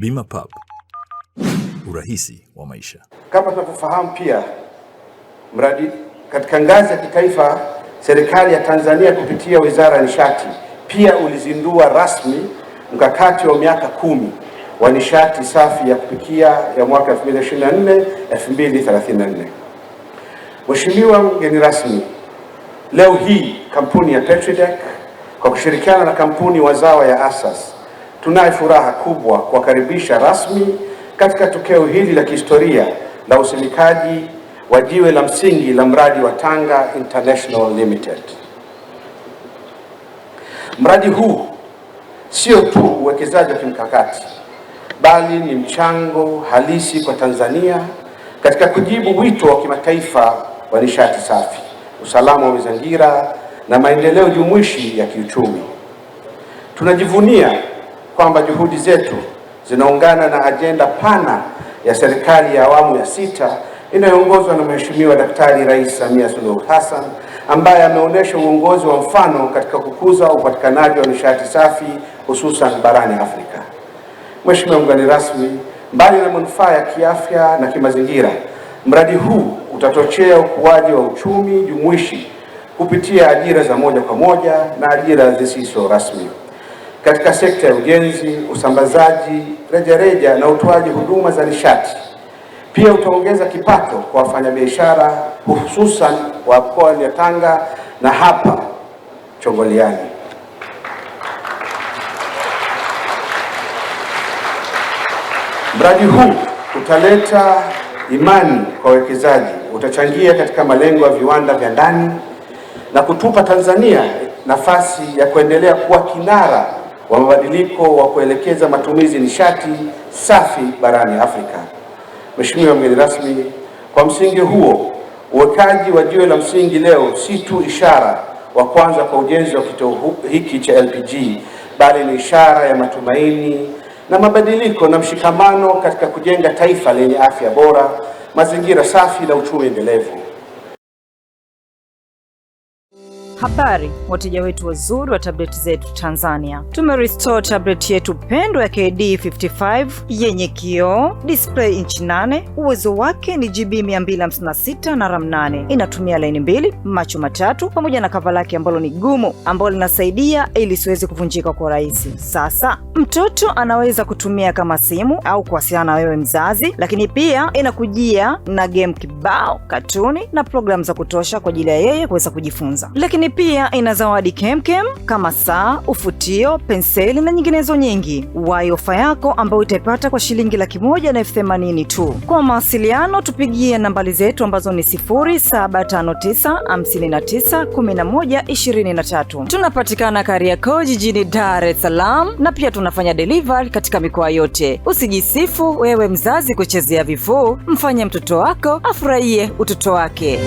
Bima pub urahisi wa maisha. Kama tunavyofahamu pia, mradi katika ngazi ya kitaifa, serikali ya Tanzania kupitia Wizara ya Nishati pia ulizindua rasmi mkakati wa miaka kumi wa nishati safi ya kupikia ya mwaka 2024 2034. Mheshimiwa mgeni rasmi, leo hii kampuni ya Petridec kwa kushirikiana na kampuni wazawa ya Asas tunaye furaha kubwa kuwakaribisha rasmi katika tukio hili la kihistoria la usimikaji wa jiwe la msingi la mradi wa Tanga International Limited. Mradi huu sio tu uwekezaji wa kimkakati bali ni mchango halisi kwa Tanzania katika kujibu wito wa kimataifa wa nishati safi, usalama wa mazingira na maendeleo jumuishi ya kiuchumi. Tunajivunia kwamba juhudi zetu zinaungana na ajenda pana ya serikali ya awamu ya sita inayoongozwa na Mheshimiwa Daktari Rais Samia Suluhu Hassan ambaye ameonyesha uongozi wa mfano katika kukuza upatikanaji wa nishati safi hususan barani Afrika. Mheshimiwa mgeni rasmi, mbali na manufaa ya kiafya na kimazingira, mradi huu utachochea ukuaji wa uchumi jumuishi kupitia ajira za moja kwa moja na ajira zisizo rasmi katika sekta ya ujenzi, usambazaji rejareja na utoaji huduma za nishati. Pia utaongeza kipato kwa wafanyabiashara hususan wa mkoa wa Tanga na hapa chongoliani Mradi huu utaleta imani kwa wawekezaji, utachangia katika malengo ya viwanda vya ndani na kutupa Tanzania nafasi ya kuendelea kuwa kinara wa mabadiliko wa kuelekeza matumizi nishati safi barani Afrika. Mheshimiwa mgeni rasmi, kwa msingi huo uwekaji wa jiwe la msingi leo si tu ishara wa kwanza kwa ujenzi wa kituo hiki cha LPG bali ni ishara ya matumaini na mabadiliko na mshikamano katika kujenga taifa lenye afya bora, mazingira safi na uchumi endelevu. Habari wateja wetu wazuri wa tableti zetu Tanzania, tumerestore tableti yetu pendwa ya KD55 yenye kioo, display inchi 8, uwezo wake ni GB 256 na RAM 8. Inatumia laini mbili, macho matatu, pamoja na kava lake ambalo ni gumu, ambalo linasaidia ili siweze kuvunjika kwa urahisi. Sasa mtoto anaweza kutumia kama simu au kuwasiliana na wewe mzazi, lakini pia inakujia na game kibao, katuni na programu za kutosha kwa ajili ya yeye kuweza kujifunza, lakini lakini pia ina zawadi kemkem kama saa, ufutio, penseli na nyinginezo nyingi. wai ofa yako ambayo utaipata kwa shilingi laki moja na elfu themanini tu. Kwa mawasiliano, tupigie nambari zetu ambazo ni 0759591123. Tunapatikana Kariakoo jijini Dar es Salaam na pia tunafanya delivery katika mikoa yote. Usijisifu wewe mzazi kuchezea vifuu, mfanye mtoto wako afurahie utoto wake.